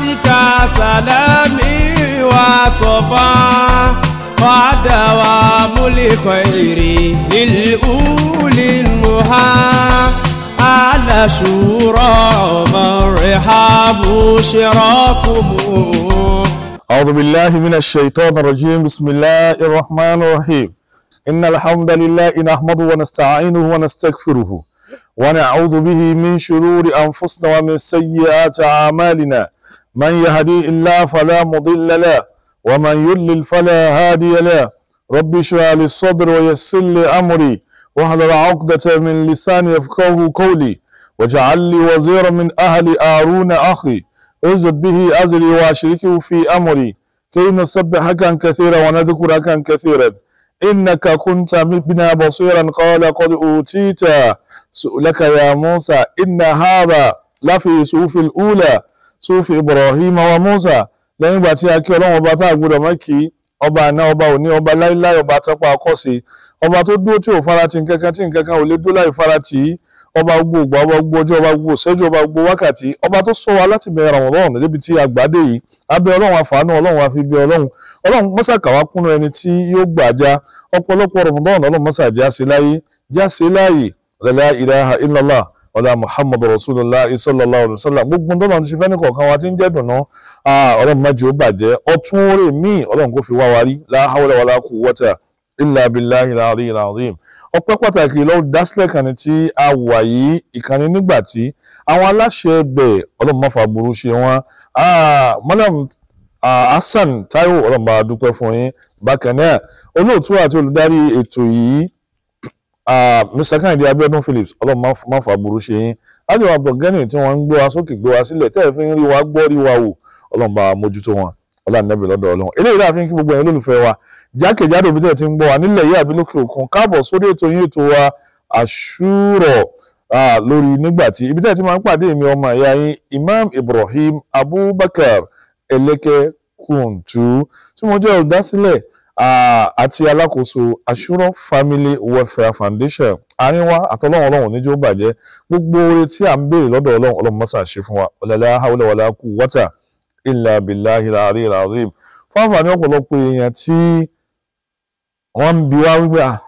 بك سلامي وصفا ودوام على أعوذ بالله من الشيطان الرجيم بسم الله الرحمن الرحيم إن الحمد لله نحمده ونستعينه ونستغفره ونعوذ به من شرور أنفسنا ومن سيئات أعمالنا من يهدي الله فلا مضل له ومن يضلل فلا هادي له رب اشرح لي الصدر ويسر لي أمري واحلل عقدة من لساني يفقهوا قولي واجعل لي وزيرا من أهل آرون أخي ارزق به أزري وأشركه في أمري كي نسبحك كثيرا ونذكرك كثيرا إنك كنت بنا بصيرا قال قد أوتيت سؤلك يا موسى إن هذا لفي صوف الأولى صوف إبراهيم وموسى lẹ́yìn ìgbà tí a kí ọlọ́run ọba tá a gbọ́dọ̀ mọ́ kí ọba àná ọba òní ọba láíláí ọba àtẹ́pà ọkọ̀sí ọba tó dúró tí ò faratì nkankan tí nkankan ò lè dúró láì faratì ọba gbogbo ògbà ọba gbogbo ọjọ́ ọba gbogbo ìṣẹ́jú ọba gbogbo wákàtí ọba tó sọ wa láti bẹ̀rẹ̀ Ramadan débi tí agbádé yìí abẹ́ ọlọ́run àfààní ọlọ́run àfi bí ọlọ́run ọlọ́run mọ́sà kàwá kúnnú ẹni tí yóò gbàjá ọ̀pọ̀lọpọ̀ Ramadan ọlọ́run mọ́sà já sí láyé já sí láyé la ilaha illallah ọ̀la muhammadu rasulullah isallallahu alayhi wa sallam gbogbo ntọ́nà ti fẹ́ ní kọ̀ọ̀kan wa ti ń jẹ́ dùnú ọlọ́run má jẹ́ ó bàjẹ́ ọtún rè míì ọlọ́run kò fi wá wa rí la hawla wala illa billahi al ọpẹ́ pàtàkì lọ́wọ́ dásílẹ̀ kàní tí a wà yìí ìkànnì nígbà tí àwọn aláṣẹ ẹgbẹ́ ọlọ́mọfà burú ṣe wọ́n madam Hasan Taiwo ọlọ́mọba dúpẹ́ fún yín bákan náà olóòtú àti olùdarí ètò yìí Mr Kehinde Abiodun Phillips ọlọ́mọfà burú ṣe yín ájọ àbọ̀gẹ́nì tí wọ́n ń gbọ́ wa sókè gbọ́ wa sílẹ̀ tẹ́ẹ̀ fi ń rí wa gbọ́ rí wa wò ọlọ́mọba mójútó wọn ọlànàbì lọ́dọ̀ ọlọ́run eléyìí láàfin kí gbogbo ẹ̀yin lólùfẹ́ wa jákèjádò òbí tẹ̀ ti ń gbọ́ wa nílẹ̀ yìí àbí lókè òkun káàbọ̀ sórí ètò yín ètò wa àṣùrọ̀ lórí nígbàtí ibi tẹ̀ ti máa ń pàdé èmi ọmọ ẹ̀yà yín Imam Ibrahim Abubakar Eleke Kuntu tí mo jẹ́ olùdásílẹ̀ àti alákòóso àṣùrọ̀ Family Welfare Foundation àárín wa àtọ́lọ́run ọlọ́run níjó bàjẹ́ gbogbo oore tí à ń béèrè lọ́dọ̀ ọlọ́run ọlọ́run mọ́sà ṣe fún wa ọ̀lẹ́lẹ́ illa billahi al-aliyyil azim fún àǹfààní ọ̀pọ̀lọpọ̀ èèyàn tí wọ́n ń bi wá wípé ah,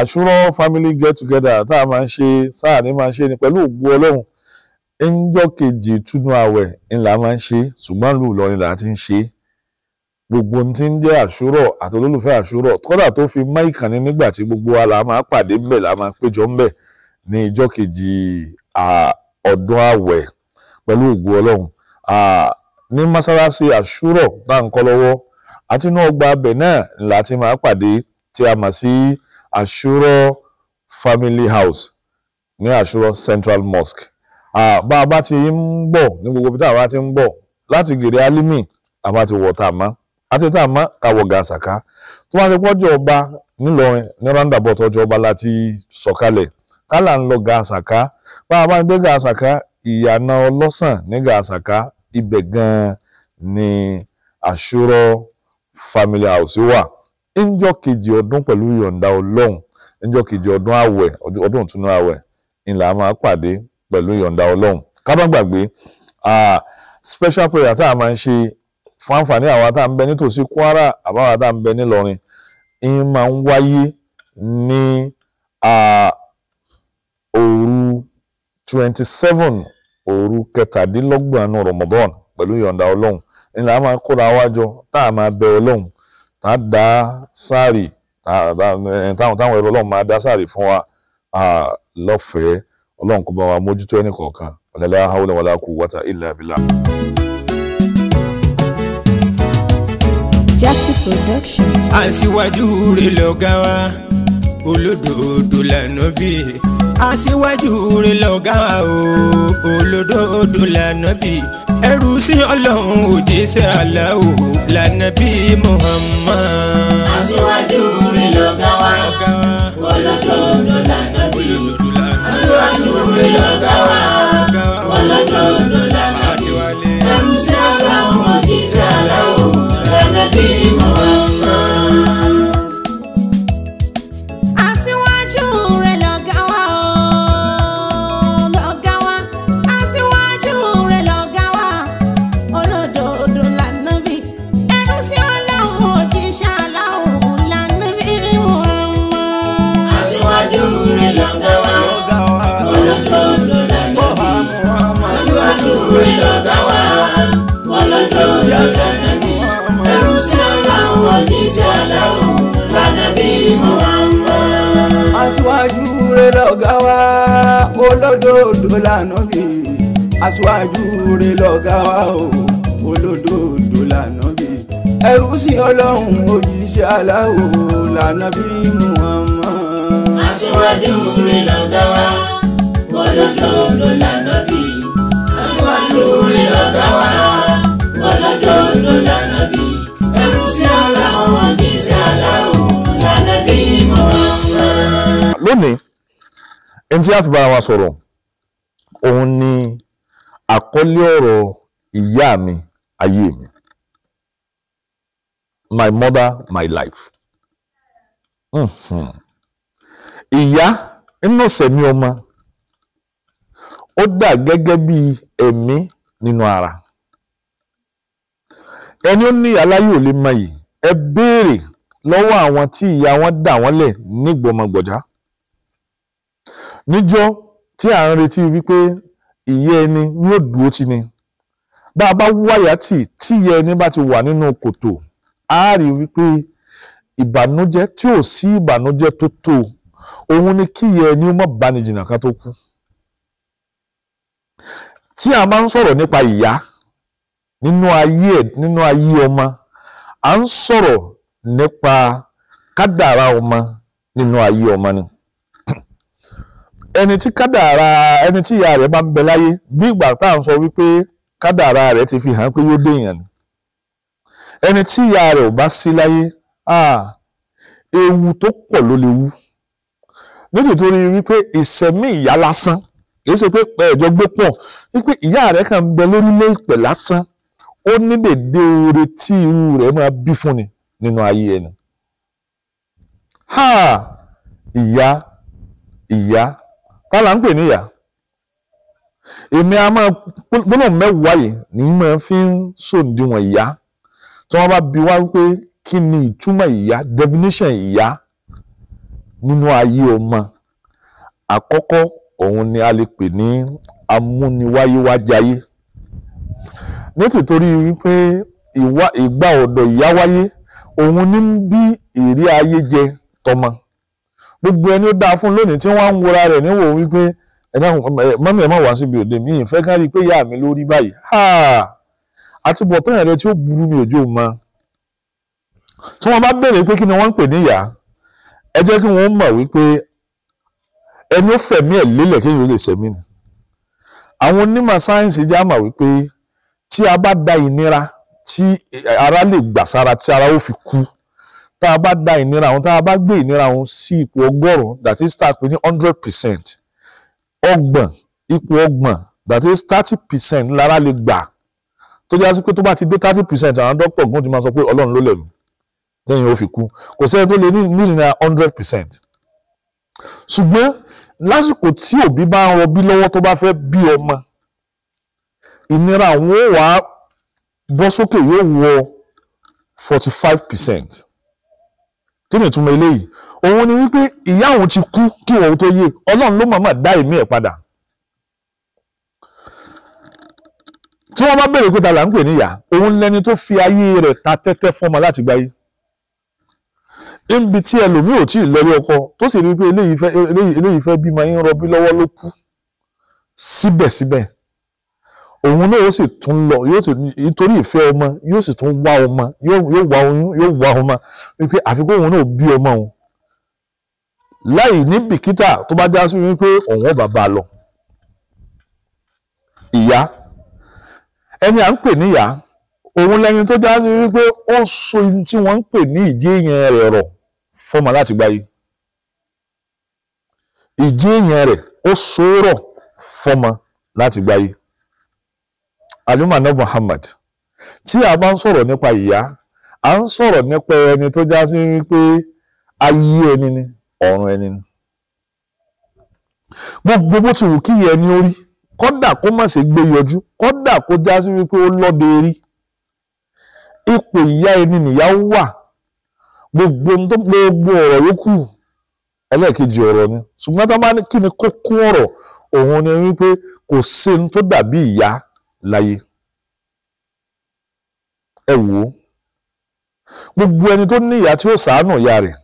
àṣúrọ̀ family get together tá a máa ń ṣe sáà ní máa ń ṣe ni pẹ̀lú ògbó ọlọ́run ńjọ́ kejì túnú àwẹ̀ ńlá máa ń ṣe ṣùgbọ́n lù lọ ni là á ti ń ṣe gbogbo ohun tí ń jẹ́ àṣúrọ̀ àti olólùfẹ́ àṣúrọ̀ kódà tó fi mọ́ ìkànnì nígbà tí gbogbo wa là máa pàdé ńbẹ̀ là máa péjọ ńbẹ̀ ní ìjọ́ kejì ọdún àwẹ̀ pẹ̀lú ògùn ọlọ́run ní mọ́ṣáláṣí àṣúrọ̀ tá à ń kọ́ lọ́wọ́ àti inú ọgbà náà ti máa pàdé tí a mọ̀ sí àṣúrọ̀ family house ní àṣúrọ̀ central mosque bá a bá ti ń bọ̀ ní gbogbo bí táwa ti ń bọ̀ láti gèrè alimi àbá ti wọ̀ tá a mọ́ àti tá a mọ́ ká wọ̀ gàṣàká tó ọba ní ọba láti sọ̀kalẹ̀ ń lọ gàṣàká bá a bá ń ìyànà ọlọ́sàn ní gàṣàkà ibẹ̀ gan-an ni àṣúrọ̀ family house wà níjọ́ kejì ọdún pẹ̀lú ìyọ̀ǹda ọlọ́run níjọ́ kejì ọdún àwẹ̀ ọdún ìtúnú àwẹ̀ ńlá máa pàdé pẹ̀lú ìyọ̀ǹda ọlọ́run ká gbàgbé special prayer tá a máa ń ṣe fún àǹfààní àwa tá a ń bẹ nítòsí Kwara àbáwá tá ń bẹ nílọrin ń máa ń wáyé ní òru twenty seven òru kẹtàdínlọ́gbọ̀n àánú Ramadan pẹ̀lú ìyọ̀ǹda ọlọ́run ńlá a máa kóra wájọ tá a máa bẹ ọlọ́run tá a dá sáàrì táwọn táwọn ẹrú ọlọ́run máa dá sáàrì fún wa lọ́fẹ̀ẹ́ ọlọ́run kó bá wa mójútó ẹnì kọ̀ọ̀kan la hawla wala quwwata illa billah. Jasi production. àṣìwájú rẹ̀ lọ́gá wa olódodo l'Ànábì aṣíwájú rẹ̀ lọ̀gá o olódodo l'Ànábì ẹrú sí ọlọ́run òjíṣẹ́ Allahu l'Ànábì Muhammad. aṣíwájú. olódodo lànà bí aṣáájú rẹ lọ́gá wa o olódodo lànà bí ẹrú sí ọlọ́run òjíṣẹ́ aláwo lànà bí Muhammad. aṣáájú rẹ lọ́gá wa olódodo lànà bí aṣáájú rẹ lọ́gá wa olódodo lànà bí ẹrú sí ọlọ́run òjíṣẹ́ aláwo lànà bí Muhammad. lónìí ẹni tí a fi bára wa sọ̀rọ̀ òun ni àkọlé ọ̀rọ̀ ìyá mi ayé mi my mother my life hmm ìyá nínú sẹ̀mí ọmọ ó dà gẹ́gẹ́ bí ẹ̀mí nínú ara ẹni ó ní aláyé ò lè mọ yìí ẹ béèrè lọ́wọ́ àwọn tí ìyá wọn dà wọ́n lẹ̀ nígbọmọgbọ̀já níjọ́ tí à ń retí wípé ìyẹ́ ẹni ni ó dúró ni bá a bá wáyà tì tí ìyẹ́ ẹni bá ti wà nínú kòtò á rí wípé ìbànújẹ́ tí ò sí ìbànújẹ́ tó tó òun ni kí ìyẹ́ ẹni ó má bani jìnnà ká tó kú tí a máa ń sọ̀rọ̀ nípa ìyá nínú ayé nínú ayé ọmọ à ń sọ̀rọ̀ nípa kádàrá ọmọ nínú ayé ọmọ ni. ẹni tí kádàrá ẹni tí ìyá rẹ̀ bá ń bẹ láyé bí ìgbà tá à ń sọ wípé kádàrá rẹ̀ ti fi hàn pé yóò déèyàn ni ẹni tí ìyá rẹ̀ ò bá sí láyé ewu tó pọ̀ ló lè wú nítorí wípé ìsẹ̀mí ìyá lásán kìí ṣe pé ẹ̀jọ́ gbé pọ̀ wípé ìyá rẹ̀ kàn ń bẹ lórílẹ̀ ìpẹ̀ lásán ó ní dèdè oore tí irú rẹ̀ máa bí fún ni nínú ayé ẹni. ìyá ìyá wọn là ń pè níyà èmi a máa gbólóhùn mẹ́wàá yìí ní mọ̀ fi ń ṣòdiwọ̀n ìyá tí wọ́n bá bi wá wípé kí ni ìtumọ̀ ìyá definition ìyá nínú ayé ọmọ àkọ́kọ́ òun ni a lè pè ní amúniwáyéwájayé nítorí wípé ìgbà ọ̀dọ̀ ìyá wáyé òun ní bí èrè ayé jẹ tọmọ. gbogbo ẹni ó dáa fún lónìí tí wọ́n á ń wora rẹ̀ níwò wípé mọ́mí ẹ̀ má wá síbi òde mi ìfẹ́ ká rí i pé ìyá mi ló rí báyìí tí ó burú mi òjò mọ́ tí wọ́n bá béèrè pé kí ni wọ́n ń pè níyà ẹ jẹ́ kí wọ́n mọ̀ ni àwọn onímọ̀ já mà wípé tí a bá da ìnira tí ara lè gbà sára ara ó fi kú tá a bá da ìnira àwọn tá a bá gbé ìnira àwọn sí ipò ọgọ́rùn-ún that is start pé ní hundred percent ọgbọ̀n ipò ọgbọ̀n that is thirty percent lára lè gbà tó jásí pé tó bá ti dé thirty percent àwọn dókítà gún ti máa sọ pé ọlọ́run ló lẹ̀mí lẹ́yìn ó fi kú kò sẹ́ni tó lè ní ìnira hundred percent ṣùgbọ́n lásìkò tí òbí bá ń rọbí lọ́wọ́ tó bá fẹ́ bí ọmọ ìnira àwọn ò wá bọ́ sókè yóò wọ forty five percent kí ni ìtumọ̀ eléyìí òun ni wípé ìyá òun ti kú kí òun tó yé ọlọ́run ló mọ̀ọ́mọ̀ dá ẹ̀mí ẹ̀ padà tí wọ́n bá béèrè pé ta là ń pè níyà òun lẹni tó fi ayé rẹ̀ ta tẹ́tẹ́ fọmọ láti gbáyé níbi tí ẹlòmíì ò tí ì lọ́rí ọkọ tó sì rí pé eléyìí fẹ́ bímọ yín rọbí lọ́wọ́ ló kú síbẹ̀síbẹ̀ òun náà yóò sì tún lọ yóò sì torí ìfẹ́ ọmọ yóò sì tún wá ọmọ yóò wá oyún yóò wá ọmọ wípé àfikún òun náà bí ọmọ òun láì ní bìkítà tó bá já sí wípé òun ọba bá a lọ ìyá ẹni à ń pè níyà òun lẹni tó já sí wípé ó so ohun tí wọ́n ń pè ní ìdí èèyàn rẹ̀ rọ̀ fọmọ láti gbáyé ìdí èèyàn rẹ̀ ó so rọ̀ fọmọ láti gbáyé. àlùmọ̀ Muhammad tí a bá ń sọ̀rọ̀ nípa ìyá a ń sọ̀rọ̀ nípa ẹni tó já sí wípé ayé ẹni ni ọ̀run ẹni ni gbogbo bó ti wù kí ìyẹn ni ó rí kódà kó má ṣe gbé yọjú kódà kó já sí wípé ó lọ́dẹ rí ipò ìyá ẹni nìyá wà gbogbo tó gbogbo ọ̀rọ̀ yòókù ẹlẹ́ẹ̀kejì ọ̀rọ̀ ni ṣùgbọ́n bá ní ni kókó ọ̀rọ̀ òun ni wípé kò láyé ẹ wò ó gbogbo ẹni tó ní ìyá tí ó sàánù ìyá rẹ̀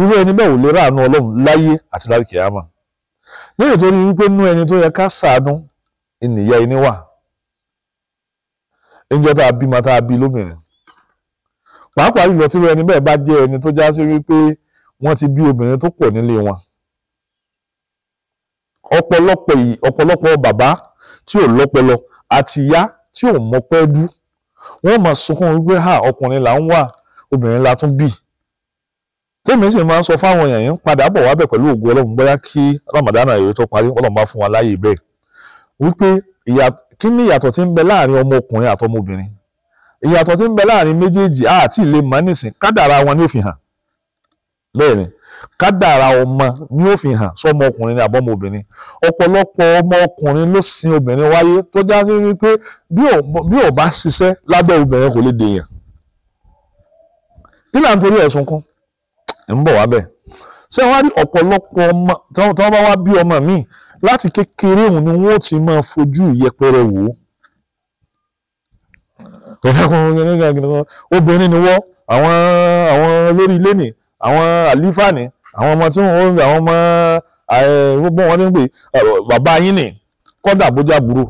irú ẹni bẹ́ẹ̀ ò lè ráàánú ọlọ́run láyé àti láríkì àmà lẹ́yìn tó rí wípé nú ẹni tó yẹ ká sàánú ìnìyá ẹni wà níjọ́ tá a bímọ tá a bí lóbìnrin pàápàá jùlọ tí irú ẹni bẹ́ẹ̀ bá jẹ́ ẹni tó já sí wípé wọ́n ti bí obìnrin tó pọ̀ nílé wọn ọ̀pọ̀lọpọ̀ bàbá tí ò lọ́pọlọ àti ìyá tí ò mọ pẹ́ dú wọ́n máa sunkún wípé ha ọkùnrin là ń wà obìnrin la tún bì tèmi sì máa ń sọ fáwọn èèyàn yìí ń padà bọ̀ wá bẹ̀ pẹ̀lú ògo ọlọ́run bóyá kí ramadana yìí tó parí ọlọ́run bá fún wa láàyè bẹ́ẹ̀ wípé kí ni ìyàtọ̀ tí ń bẹ láàrin ọmọkùnrin àtọmọbìnrin ìyàtọ̀ tí ń bẹ láàrin méjèèjì àti ilé mọ́ kádàrá wọn ni ó fi hàn bẹ́ẹ̀ ni kádàrá ọmọ ni ó fi hàn sọmọ ọkùnrin ni àbọmọ obìnrin ọ̀pọ̀lọpọ̀ ọmọ ọkùnrin ló sin obìnrin wáyé tó já sí wípé bí ò bá ṣiṣẹ́ lábẹ́ obìnrin kò lè dèèyàn kí là ń torí ẹ̀sùn kan ẹ̀ ń bọ̀ wá bẹ́ẹ̀ ṣé wọ́n á rí ọ̀pọ̀lọpọ̀ ọmọ tí wọ́n bá wá bí ọmọ míì láti kékeré òun ni wọ́n ó ti máa fojú ìyẹpẹrẹ wò ó obìnrin ni wọ́n àwọn lórí ilé nìyí àwọn àlífàní àwọn ọmọ tí wọ́n àwọn ọmọ eh, gbogbo wọn ní pé eh, bàbá yín ni kọ́dà bójá burú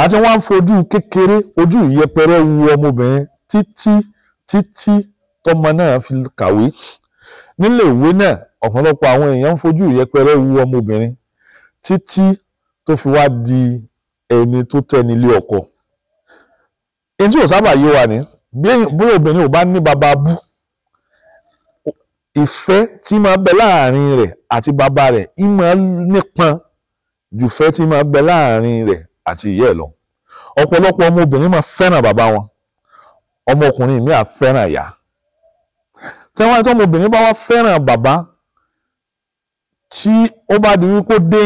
àti wọ́n á fojú kékeré ojú ìyẹpẹrẹ wu ọmọbìnrin títí títí tọmọ náà fi kàwé nílé ìwé náà ọ̀pọ̀lọpọ̀ àwọn èèyàn fojú ìyẹpẹrẹ wu ọmọbìnrin títí tó fi wá di ẹni tó tẹni ilé ọkọ. èyí tí ò sábà yé wa ni bí obìnrin ò bá ní baba bú ìfẹ́ tí máa bẹ láàrin rẹ̀ àti bàbá rẹ̀ í máa nípọn ju ìfẹ́ tí máa bẹ láàrin rẹ̀ àti ìyá ẹ̀ lọ. ọ̀pọ̀lọpọ̀ ọmọbìnrin máa fẹ́ràn bàbá wọn ọmọkùnrin mi à fẹ́ràn ìyá. tẹ́wọ́n tí ọmọbìnrin bá wá fẹ́ràn bàbá tí ó bá di wípé dé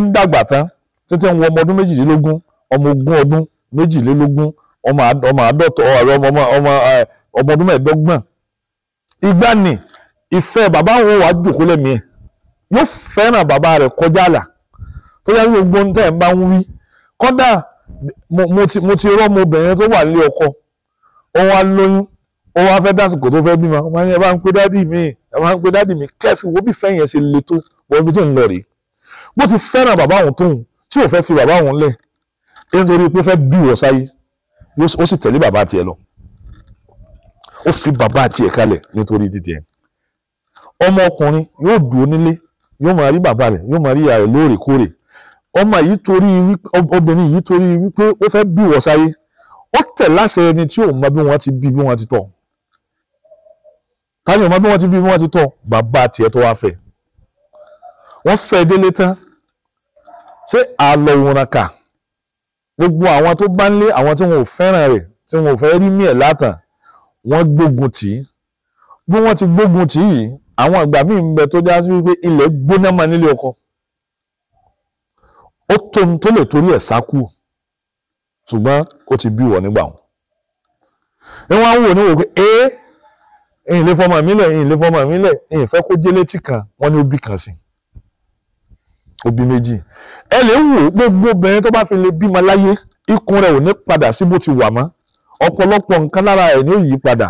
ń dàgbà tán títí ń wọ ọmọ ọdún méjìlélógún ọmọ ogún ọdún méjìlélógún ọmọ àádọ́tọ̀ ọmọ ọdún mẹ́ẹ̀ẹ́dọ́gbọ̀n ìgbà ni ìfẹ́ bàbá òun wàá jòkó lẹ́mìí ẹ̀ yóò fẹ́ràn bàbá rẹ̀ kọjá àlà tó yẹ kí gbogbo nǹkan ẹ̀ bá ń wí kọ́dà mo ti rọ́ mo obìnrin tó wà nílé ọkọ òun á lóyún òun á fẹ́ dásìkò tó fẹ́ bímọ ọmọ yẹn bá ń pe dádì mi ẹ máa ń pe dádì mi kẹ́fì wo bí fẹ́ yẹn ṣe le tó wọ́n ibi tó ń lọ rèé bó ti fẹ́ràn bàbá òun tóun tí ò fẹ́ fi bàbá òun lẹ̀ nítorí pé fẹ́ bí ìwọ sáyé ó sì tẹ̀lé bàbá tiẹ̀ lọ ó fi bàbá tiẹ̀ kalẹ̀ nítorí títí ẹ̀ ọmọkùnrin yóò dúró nílé yóò máa rí bàbá rẹ̀ yóò máa rí ìyá rẹ̀ lóòrèkóòrè ọmọ yìí torí obìnrin yìí torí wípé ó fẹ́ bí wọ́n sáyé ó tẹ̀ láṣẹ ẹni tí òun mọ bí wọ́n ti bí bí wọ́n ti tọ̀ tani òun mọ bí wọ́n ti bí bí wọ́n ti tọ̀ bàbá tiẹ̀ tó wá fẹ́ wọ́n fẹ́ délé tán ṣé àlọ́ òun kà gbogbo àwọn tó bá ń lé àwọn tí wọn ò fẹ́ràn rẹ̀ tí wọn ò fẹ́ rí mí ẹ̀ látàn wọ́n gbógun tì í bí wọ́n ti gbógun tì í yìí àwọn ìgbà míì ń bẹ tó já sí wípé ilẹ̀ gbóná mọ́ nílé ọkọ ó tóun tó lè torí ẹ̀ sá kú ṣùgbọ́n ó ti bí wọ̀ nígbà wọn. ẹ wọ́n á wò ní wò pé ee èyí lè fọmọ mi lẹ̀ èyí lè fọmọ mi lẹ̀ èyí fẹ́ kó jẹ́ létí kan wọ́n ní ó kan sí ó bí méjì ẹ lè wò gbogbo obìnrin tó bá fi lè bímọ láyé ikùn rẹ̀ ò ní padà sí bó ti wà mọ́ ọ̀pọ̀lọpọ̀ nǹkan lára ẹ̀ ní ó yí padà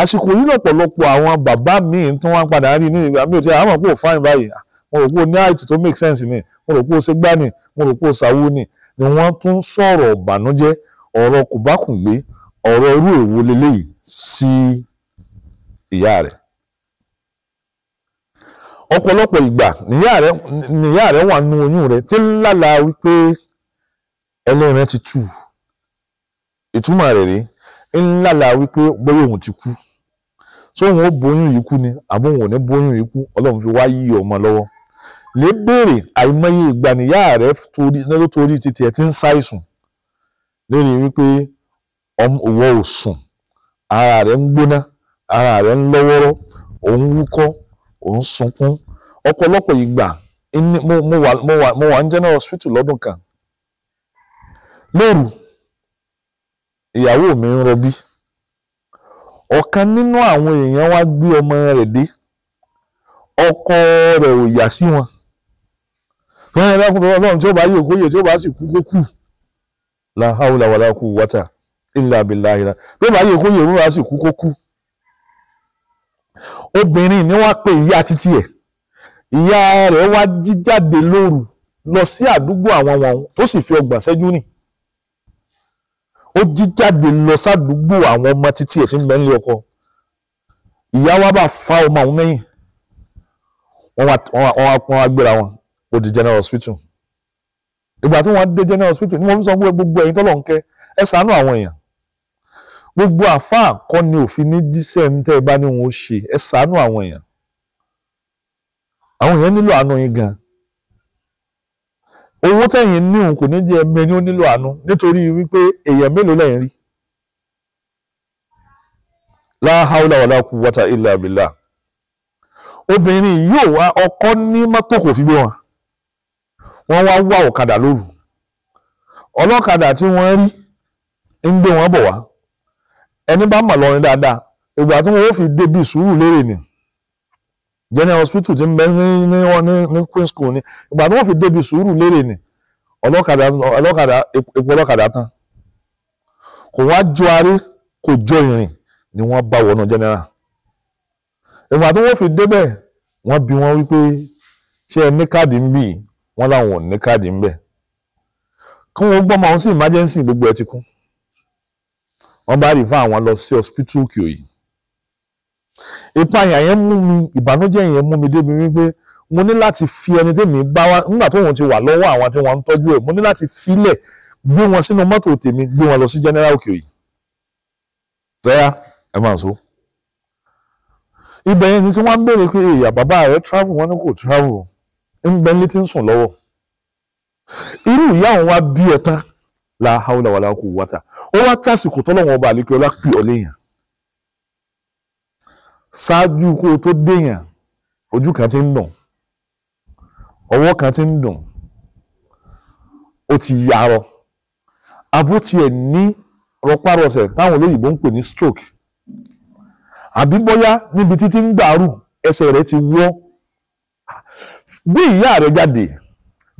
àsìkò yìí lọ́pọ̀lọpọ̀ àwọn bàbá míì tí wọ́n padà rí ní ìgbà mi ò tí a mọ̀ pé ò fáìn báyìí mo rò pé o ní àìtì tó make sense ni mo rò pé o ṣe gbá ni mo rò pé o ṣàwó ni ni wọ́n tún sọ̀rọ̀ ìbànújẹ́ ọ̀rọ̀ kòbákùngbé ọ̀rọ̀ irú èwo leléyìí sí ìyá rẹ̀ ọ̀pọ̀lọpọ̀ ìgbà níyà rẹ̀ wà nínú oyún rẹ̀ tí ń lálàá wípé ẹlẹ́rìn ti tù ìtumọ̀ rẹ̀ rèé ńlá la wípé bóyá òun ti kú sóhun ó bóyún yìí kú ni àbóhun ò ní bóyún yìí kú ọlọ́run fi wá yí ọmọ lọ́wọ́ lè béèrè àìmọye ìgbà níyà rẹ ló torí ti ẹ ti ń ṣàìsùn lórí wípé òwò ò sùn ara rẹ ń gbóná ara rẹ ń lọ́wọ́rọ́ òun wúkọ́ òun sunkún ọ̀pọ̀lọpọ̀ ìgbà mo wà ní general hospital lọ́dún kan lóru ìyàwó mi ń rọbí ọ̀kan nínú àwọn èèyàn wá gbé ọmọ rẹ̀ dé ọkọ rẹ̀ ò yà sí wọn wọn yẹn lákùnrin ọlọ́run tí ó bá yí òkú tí ó bá sì kú kó kù la hawla wala quwwata illa billahi tí ó bá yí òkú yẹ tí ó bá sì kú kó kù obìnrin ni wọ́n pe ìyá títí ẹ̀ ìyá rẹ̀ wá jíjáde lóru lọ sí àdúgbò àwọn wọn tó sì fi ọgbà ṣẹ́jú rìn ó jí jáde lọ sádùúgbò àwọn ọmọ títí ẹ̀ tí ń bẹ nílé ọkọ ìyá wa bá fa ọmọ àwọn mẹ́yìn wọ́n wá gbéra wọn ó di general hospital ìgbà tí wọ́n dé general hospital ni wọ́n fi sọ pé gbogbo ẹ̀yin tọ́lọ̀ ń kẹ́ ẹ ṣàánú àwọn èèyàn gbogbo àfáà kọ́ ni òfin ní jíṣẹ́ ń tẹ́ ẹ bá ní wọn ó ṣe ẹ ṣàánú àwọn èèyàn àwọn èèyàn nílò àánú yín gan-an owó tẹ̀yìn ní òun kò ní jẹ́ ẹ̀mí ẹni ó nílò àánú nítorí wípé èèyàn mélòó lẹ́yìn rí. la hawla wala quwwata illa billah obìnrin yóò wá ọkọ ní mọ́tò kò fi wọn wọ́n wá wá ọ̀kadà lóru ọlọ́kadà tí wọ́n rí ń gbé wọn bọ̀ wá ẹni bá mọ̀ lọ́rin dáadáa ìgbà tí wọ́n fi débi sùúrù general hospital ti ń bẹ ní ní wọn ní ní queen school ni ìgbà tí wọ́n fi débi sùúrù lérè ni ọlọ́kadà ọlọ́kadà epo ọlọ́kadà tán kò wá jọ arí kò jọ ìrìn ni wọ́n bá wọnú general ìgbà tí wọ́n fi débẹ̀ wọ́n bi wọ́n wípé ṣé ẹ ní káàdì ń bì í wọ́n láwọn ò ní káàdì ń bẹ̀ kí wọ́n gbọ́mọ àwọn sí emergency gbogbo ẹ̀ ti kún wọ́n bá rí fún àwọn lọ sí hospital kìí ìpayà yẹn mú mi ìbànújẹ́ yẹn mú mi débi wípé mo ní láti fi ẹni tèmi bá wá nígbà tóun ti wà lọ́wọ́ àwọn tí wọ́n ń tọ́jú ẹ̀ mo ní láti filẹ̀ gbé wọn sínú mọ́tò tèmi gbé wọn lọ sí general òkè òyì tẹ́yà ẹ máa so. ibẹ̀ yẹn ni tí wọ́n ń béèrè pé ìyá bàbá rẹ̀ travel wọn ni kò travel ń bẹ létí ń sùn lọ́wọ́ irú ìyá òun wá bí ẹ tán la haúlà wàlá kò wáta ó wá tásìkò tọ́lọ́wọ́n ọba àlékè ọlá pè ọ léèyàn ṣáájú kó o tó déyàn ojú kan ti ń dùn ọwọ́ kan ti ń dùn ó ti yarọ abó tiẹ̀ ní rọpárọsẹ̀ táwọn olóyìnbó ń pè ní stroke àbí bóyá níbi títí ń gbàrú ẹsẹ̀ rẹ̀ ti wọ́ bí ìyá rẹ̀ jáde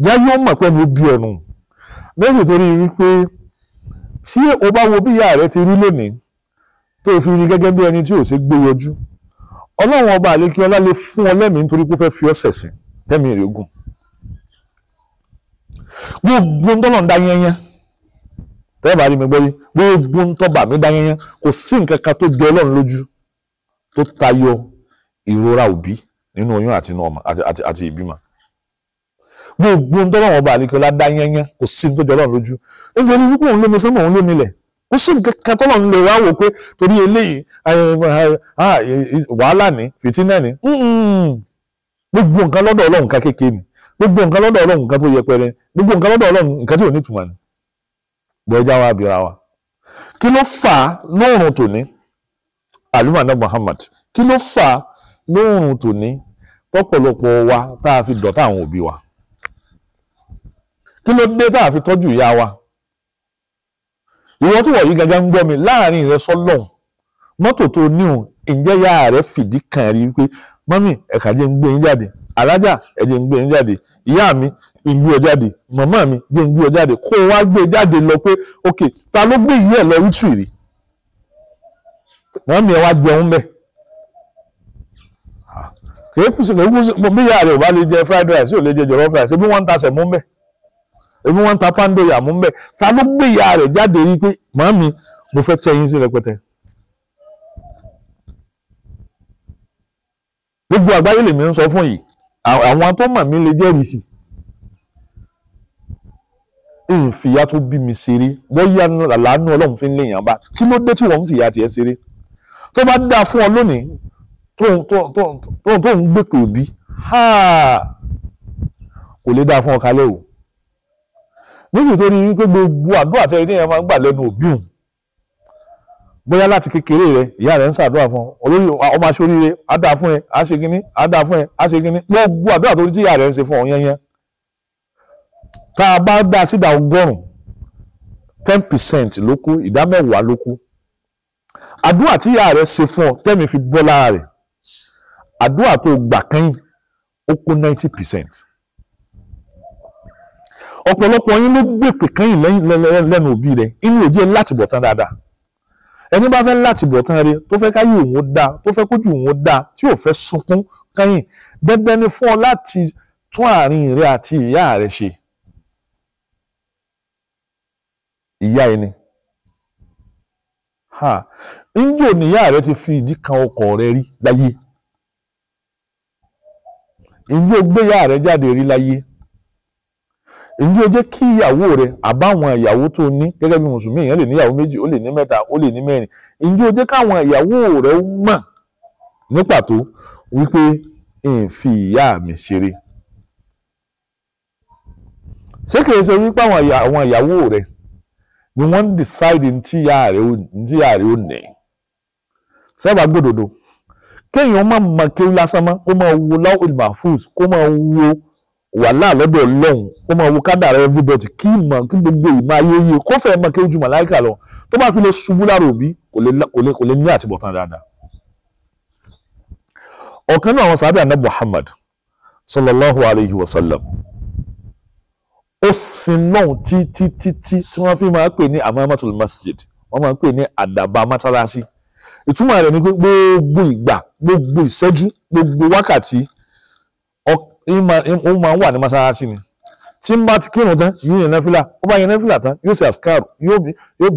jáyé ó mọ̀ pé ní bí ọ̀nù méjì torí wípé tí o bá wo bí ìyá rẹ̀ ti rí lónìí tó fi rí gẹ́gẹ́ bí ẹni tí ò ṣe gbé yọjú ọlọ́run ọba àlékí ọlá lè fún ọ lẹ́mìí nítorí pé ó fẹ́ fi ọ́ sẹ̀sìn tẹ́mi rẹ̀ gùn gbogbo ń tọ́lọ̀ ń dá yẹ́nyẹ́ tẹ́ẹ̀bà rí mi gbọ́ yé gbogbo ń tọ́ba mi dá yẹ́nyẹ́ kò sí nǹkan kan tó jẹ ọlọ́run lójú tó tayọ ìrora òbí nínú oyún àti àti ìbímọ gbogbo ń tọ́lọ̀ ọba àlékí ọlá dá yẹ́nyẹ́ kò sí nǹkan tó jẹ ọlọ́run lójú nítorí wípé òun ló mi sẹ́mu òun ló nílẹ̀ ó sì kankan tó lọ ń lè wá wò pé torí eléyìí wàhálà ni fìtínà ni gbogbo nǹkan lọ́dọ̀ ọlọ́run nǹkan kékeré ni gbogbo nǹkan lọ́dọ̀ ọlọ́run nǹkan tó yẹpẹrẹ gbogbo nǹkan lọ́dọ̀ ọlọ́run nǹkan tí ò ní ìtumọ̀ ni bọ́ ẹja wa bìíra wa kí ló fà á lóòrùn tòní alimana Muhammad kí ló fà á lóòrùn tòní tọ́pọ̀lọpọ̀ wa tá a fi dọ̀tá àwọn òbí wa kí ló dé tá a fi tọ́jú ìyá wa ìwọ tó wọ̀ yìí gangan ń gbọ́ mi láàrin rẹ sọ́lọ́hún mọ́tò tó níhùn ǹjẹ́ ya rẹ fìdí kan rí pé mọ́mì ẹ̀ka jẹ́ ń gbé yín jáde alájà ẹ̀jẹ̀ ń gbé yín jáde ìyá mi ń gbé ọ jáde màmá mi jẹ́ ń gbé ọ jáde kó o wá gbé e jáde lọ pé ok ta ló gbé yìí ẹ̀ lọ ítù rí mọ́mì ẹ wá jẹun mẹ́ ah, kèékùsì kèékùsì bí ìyá rẹ ò bá lè jẹ fried rice yóò lè jẹ jọlọ fried rice ṣé bí wọ́n ń ta sẹ̀mú mẹ́ èmi wọ́n ń ta pàǹdòyà mú bẹ́ẹ̀ ta ló gbé ìyá rẹ̀ jáde rí i pé màámi mo fẹ́ tẹ́ yín sí rẹpẹtẹ. gbogbo àgbáyé lèmi ń sọ fún yìí àwọn tó mọ̀ mí lè jẹ́rìí sí i ìfìyà tó bí mi ṣeré bóyá làlánú ọlọ́run fi ń léèyàn bá kí ló dé tí wọ́n ń fìyà tiẹ̀ ṣeré tó bá dáa fún ọ lónìí tó ń gbèpè òbí kò lè dáa fún ọ kálẹ̀ o nítorí tó rí wípé gbogbo àdúrà tẹ́lẹ̀ tí èèyàn máa ń gbà lẹ́nu òbí òun bóyá láti kékeré rẹ ìyá rẹ ń ṣàdúrà fún olórí ọmọ aṣoríire á dáa fún ẹ á ṣe kínní á dáa fún ẹ á ṣe kínní gbogbo àdúrà tó rí tí ìyá rẹ ń ṣe fún ọ yẹnyẹn tá a bá dá sídà ọgọ́rùn ten percent ló kù ìdá mẹ́wàá ló kù àdúrà tí ìyá rẹ ṣe fún ọ tẹ́mi fi bọ́ lára rẹ̀ àdúrà tó gbà kẹ́yìn ó kù ninety percent ọ̀pọ̀lọpọ̀ yín ló gbèpè kẹ́yìn lẹ́nu òbí rẹ̀ inú òjì ẹ̀ láti bọ̀ tán dáadáa ẹni bá fẹ́ láti bọ̀ tán rẹ tó fẹ́ káyé òun dáa tó fẹ́ kójú òun dáa tí ò fẹ́ sunkún kẹ́yìn dandan ni fún ọ láti tún àárín rẹ àti ìyá rẹ ṣe ìyá ẹni ha njó ni ìyá rẹ ti fi ìdí kan ọkọ rẹ rí láyé njó gbé ìyá rẹ jáde rí láyé èyí ó jẹ́ kí ìyàwó rẹ àbáwọn ìyàwó tó ní gẹ́gẹ́ bí mùsùlùmí èèyàn lè níyàwó méjì ó lè ní mẹ́ta ó lè ní mẹ́rin èyí ó jẹ́ káwọn ìyàwó rẹ mọ̀ ní pàtó wípé n fi ìyá mi ṣeré ṣé kìí ṣe wípé àwọn ìyàwó rẹ ni wọ́n ń decide ní tí ìyá rẹ ó nẹ̀ sábà gbòdòdó kéèyàn má mọ kéwú lásán kó máa wo láwùjọ mahfuz kó máa wo wàhálà lọ́dọ̀ ọlọ́run ó máa wo kádàrá everybody kí ìmọ̀ kí gbogbo ìmọ̀ ayé yìí kó fẹ́ mọ̀ kí ojú màláìkà lọ tó bá fi lè ṣubú lára òbí kò lè ní àtibọ̀tán dáadáa. ọ̀kan náà àwọn sábẹ́ àná Muhammad sallallahu alayhi wa sallam ó sin náà títí títí tí wọ́n fi máa pè ní amamatul masjid wọ́n máa pè ní àdàbà mátálásí ìtumọ̀ rẹ̀ ni pé gbogbo ìgbà gbogbo ìṣẹ́jú gbogbo wákàtí ó máa ń wà ní mátálásí ni tí n bá ti kírun tán yóò yẹn náfìlà ó bá yẹn náfìlà tán yóò ṣe àṣkárù yóò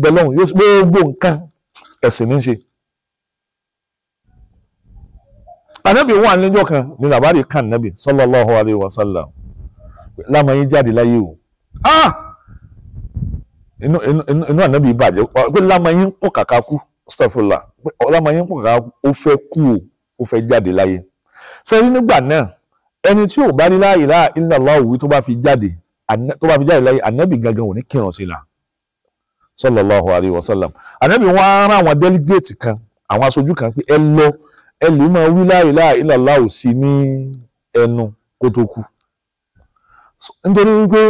bẹ lọ́hùn yóò gbogbo nǹkan ẹ̀sìn ní í ṣe. ànábì wà níjọ́ kan ní làbárí kan nàbì sallallahu alayhi wa sallam lámà yín jáde láyé o ah! inú inú ànábì bàjẹ́ pé lámà yín kó kàkà kú astaghfirullah lámà yín kó kàkà kú ó fẹ́ kú o ó fẹ́ jáde láyé sẹ́yìn nígbà náà ẹni tí ò bá ní la ilaha illallah òwú tó bá fi jáde tó bá fi jáde láyé ànábì gangan ò ní kírun sí la sallallahu alayhi wa sallam ànábì wọn ara àwọn délégéètì kan àwọn aṣojú kan pé ẹ lọ ẹ lè máa wí la ilaha illallah ò sí ní ẹnu kó tó kú nítorí wípé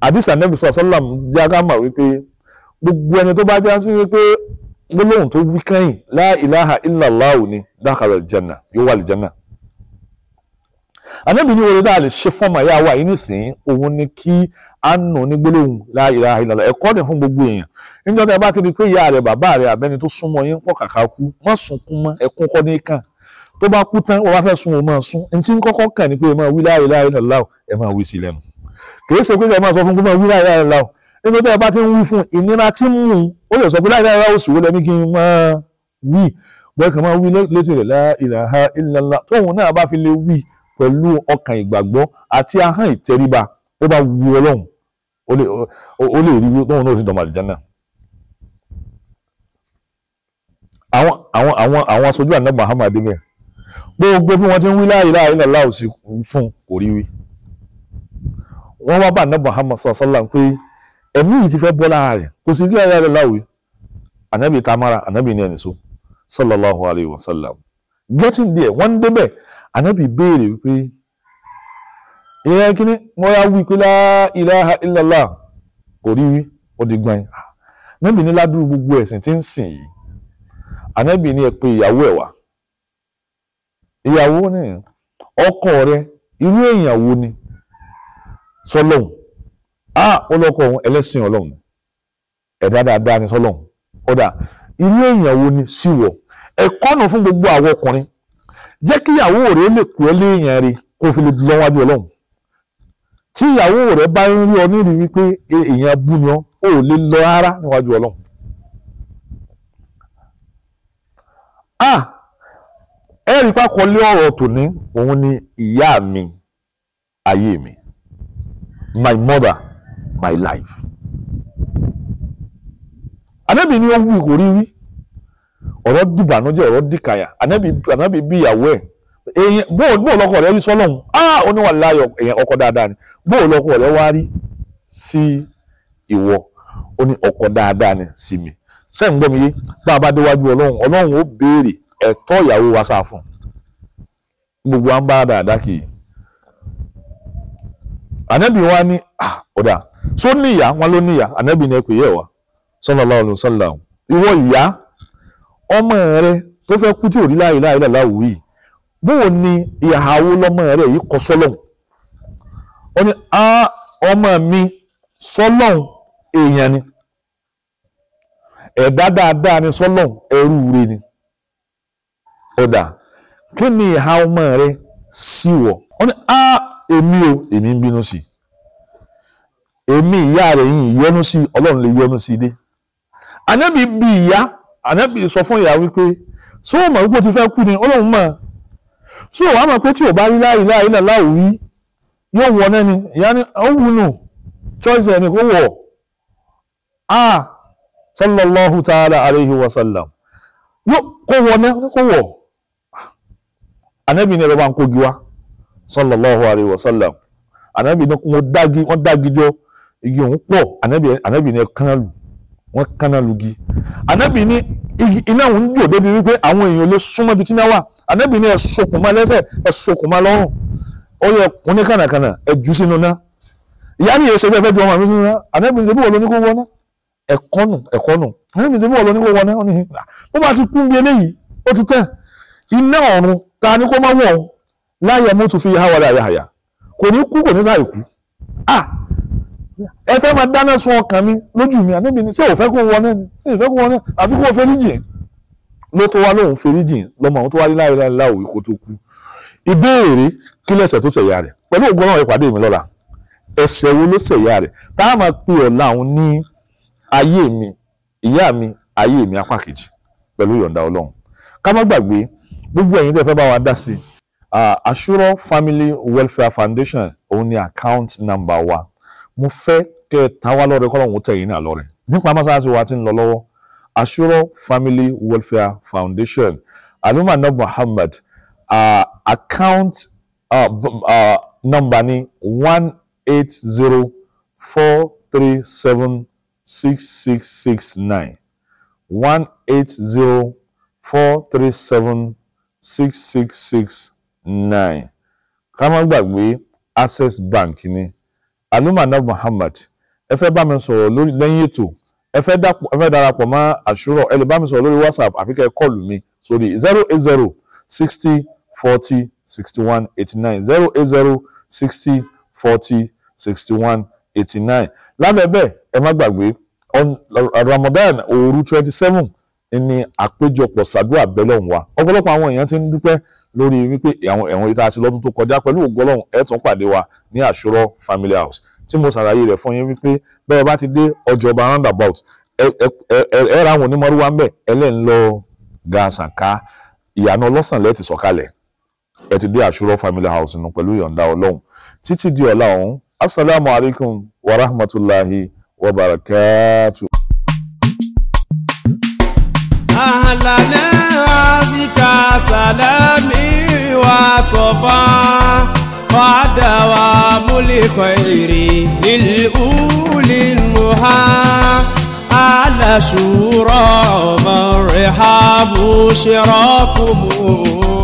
àdìsí ànábì sallallahu sallam jẹ́ agámà wípé gbogbo ẹni tó bá já sí wípé gbólóhùn tó wí kẹ́yìn la ilaha illallah ò ní dakhala aljanna yóò wà aljanna ànábì ní oore dáa lè ṣe fún ọmọ ìyá wa yìí nísìnyí òun ni kí a nù ní gbólóhùn la ilaha illallah ẹ̀kọ́ ni fún gbogbo èèyàn níjọ́ tẹ́ bá ti di pé ìyá rẹ̀ bàbá rẹ̀ àbẹ́ni tó súnmọ́ yín pọ̀ kàkà kú má sunkún mọ́ ẹkún kọ́ ní kàn tó bá kú tán wọ́n bá fẹ́ sun òun máa sun ẹni tí ń kọ́kọ́ kàn ní pé ẹ máa wí la ilaha illallah ẹ máa wí sí lẹ́nu kì í ṣe pé ẹ máa sọ fún pé máa wí la ilaha illallah nítorí tẹ́ ẹ bá ti ń wí fún ìnira tí ń mú ó lè sọ pé la ilaha illallah òsì wo bẹ́ẹ̀ kàn máa wí létí rẹ̀ la ilaha tóun náà bá fi lè wí pẹ̀lú ọkàn ìgbàgbọ́ àti ahọ́n ìtẹríba ó bá wu ọlọ́run ó lè rí tóun náà ó sì dọ̀mọ̀ àlìjánà. àwọn àwọn àwọn àwọn aṣojú àná Muhammad bẹ́ẹ̀ gbogbo bí wọ́n ti ń wí láàyè láàyè lọ́la ò sí fún kò rí wí. wọ́n wá bá àná Muhammad sọ sọ́la pé ẹ̀mí yìí ti fẹ́ bọ́ lára rẹ̀ kò sí láàyè láàyè láwìí ànábì tamara ànábì ní ẹnìṣó sallallahu alayhi wa sallam getting there wọ́n ń débẹ̀ anebi béèrè wípé ìyẹn kíní mo yá wí pé láìláha ìlàlá kò oriri wí ó di gbọ́n yín gbogbo ẹ̀sìn ń sìn yìí ni ẹ ìyàwó ìyàwó ọkọ rẹ irú èèyàn ni òun ni sọlọ́hún ọ̀dà irú èèyàn ni nù fún gbogbo àwọn ọkùnrin jẹ́ kí ìyàwó rẹ̀ lè pè ẹ́ léèyàn rẹ̀ kó fi lè lọ wájú ọlọ́run tí ìyàwó rẹ̀ bá ń rí ọ ní rí wípé èèyàn bú ni ọ ò lè lọ rárá níwájú ọlọ́run. a ẹ̀rí pákọlé ọ̀rọ̀ tòní òun ni ìyá mi ayé mi my mother my life. àdébìnrin ó wù kò rí wí ọ̀rọ̀ dìbànújẹ́ ọ̀rọ̀ dìkàyà ànábì bí ìyàwó ẹ̀ èyàn bóò bóò lọkọ rẹ rí sọlọ́hún ah oníwà èyàn ọkọ dáadáa ni bóò lọkọ rẹ wá rí sí ìwọ ó ní ọkọ dáadáa ni sí mi sẹ́yìn gbọ́ bá a bá déwájú ọlọ́run gbogbo à ń bá dáadáa kì í wa ọ̀dà níyà wọn ló níyà ni ẹ pè ọmọ rẹ tó fẹ́ kú tí ò rí láwù yìí ni ìyàwó rẹ yìí kọ sọ́lọ́hún ọmọ mi sọ́lọ́hún èèyàn ni ẹ̀dá dáadáa ni sọ́lọ́hún ẹrú rẹ ọ̀dà kí ni ìhà ọmọ rẹ sí wọ̀ ó ní èmi o èmi ń bínú sí èmi ìyá yìí yọnu sí ànábì sọ fún ìyá wípé ṣé o mọ̀ wípé o ti fẹ́ kú ni ó lóun mọ̀ ṣé o wá mọ̀ pé tí o bá rí láì láì là láì wí yóò wọ náà ni ìyá ni ó wù nù choice ẹni kó wọ̀ á sallallahu ta'ala alayhi wa sallam yóò kó wọ náà kó wọ̀ ànábì ni ẹ̀rọ bá ń kojú wa sallallahu alayhi wa sallam ànábì ni wọ́n dági wọ́n dági jọ igi òun pọ̀ ànábì ni ẹ̀ kán lù wọ́n kaná lugi ànábì ní iná òun jò débi wípé àwọn èèyàn lè súnmọ́ ibi tí náà wà ànábì ní ẹ sokùn mọ́ lẹ́sẹ̀ ẹ sokùn mọ́ lọ́rùn ó yẹ kún ní kànàkànà ẹ jù sínú náà ìyá mi yẹ ṣe fẹ́ẹ́ ju ọmọ mi sínú náà ànábì ní ṣe bí wọ́n lọ ní kó wọ́n náà ẹ̀kọ́ nù ẹ̀kọ́ nù ànábì ní ṣe bí wọ́n lọ ní kó wọ́n bó bá ti kún bí eléyìí ó ti tẹ̀ iná ọ̀run ta ni kó má wọ̀ láyẹ̀ mọ́tò fi yá wàlá yáyà kò ní kú kò ní sáà ẹ fẹ́ máa dáná sun ọkàn mi lójú mi àníbi ni ṣé ò fẹ́ kó wọ náà ni ṣé ò fẹ́ kó wọ náà àfi kó fẹ́ríjì ló tó wá lóun fẹ́ríjì lọ́mọ àwọn tó wá rí láyé láyé láwò ikú tó kú ìbéèrè kí lẹ́sẹ̀ tó ṣẹ̀yà rẹ̀ pẹ̀lú ògbọ́n náà ìpàdé mi lọ́la ẹ̀ṣẹ̀ wo ló ṣẹ̀yà rẹ̀ tá a máa pe ọ̀la òun ní ayé mi ìyá mi ayé mi apá kejì pẹ̀lú ìyọ̀ǹda ọlọ́run ká má gbàgbé gbogbo ẹ̀yin tẹ́ fẹ́ bá wa dá sí i Ashura Family Welfare Foundation òun ni account number one mo fẹ́ kẹ́ ẹ tán wá lọ́rẹ kọ́lọ́hún tẹ̀ yín náà lọ́rẹ nípa mọ́sáàsì wa ti ń lọ lọ́wọ́ Ashura Family Welfare Foundation alimana Muhammad uh, account uh, uh, number ni one eight zero four three seven six six six nine one eight zero four three seven six six six nine ká má gbàgbé Access Bank ni alumana muhammad ẹ fẹ́ bá mi sọ̀rọ̀ lórí lẹ́yìn ètò ẹ fẹ́ darapọ̀ mọ́ àṣùrọ ẹ lè bá mi sọ̀rọ̀ lórí whatsapp àfi kẹ́ kọlù mi sórí zero eight zero sixty forty sixty one eighty nine zero eight zero sixty forty sixty one eighty nine lábẹ́ bẹ́ẹ̀ ẹ má gbàgbé ramadan òru twenty seven ni àpéjọpọ̀ sàdúrà bẹ́lẹ̀ ń wá ọ̀pọ̀lọpọ̀ àwọn èèyàn ti ń dúpẹ́ lórí wípé àwọn ẹ̀wọ̀n yìí tá a ti lọ́dún tó kọjá pẹ̀lú ògbọ́lọ́hùn ẹ̀ tún pàdé wa ní àṣọrọ̀ family house tí mo ṣàlàyé rẹ̀ fún yín wípé bẹ́ẹ̀ bá ti dé ọjọba roundabout ẹ ra àwọn onímọ̀rúwá ń bẹ̀ ẹlẹ́ ń lọ gàṣàká ìyànà ọlọ́sàn lẹ́ẹ̀ ti sọ̀kalẹ̀ ẹ ti dé àṣọrọ̀ family house nù pẹ̀lú ìyọ̀ǹda ọlọ́hùn títí di ọ̀la ọ̀hún assalamu alaikum wa rahmatulahi wa barakatuh. أهلا بك سلام فدوام الخير للأول المحا على سورة رحاب شراكم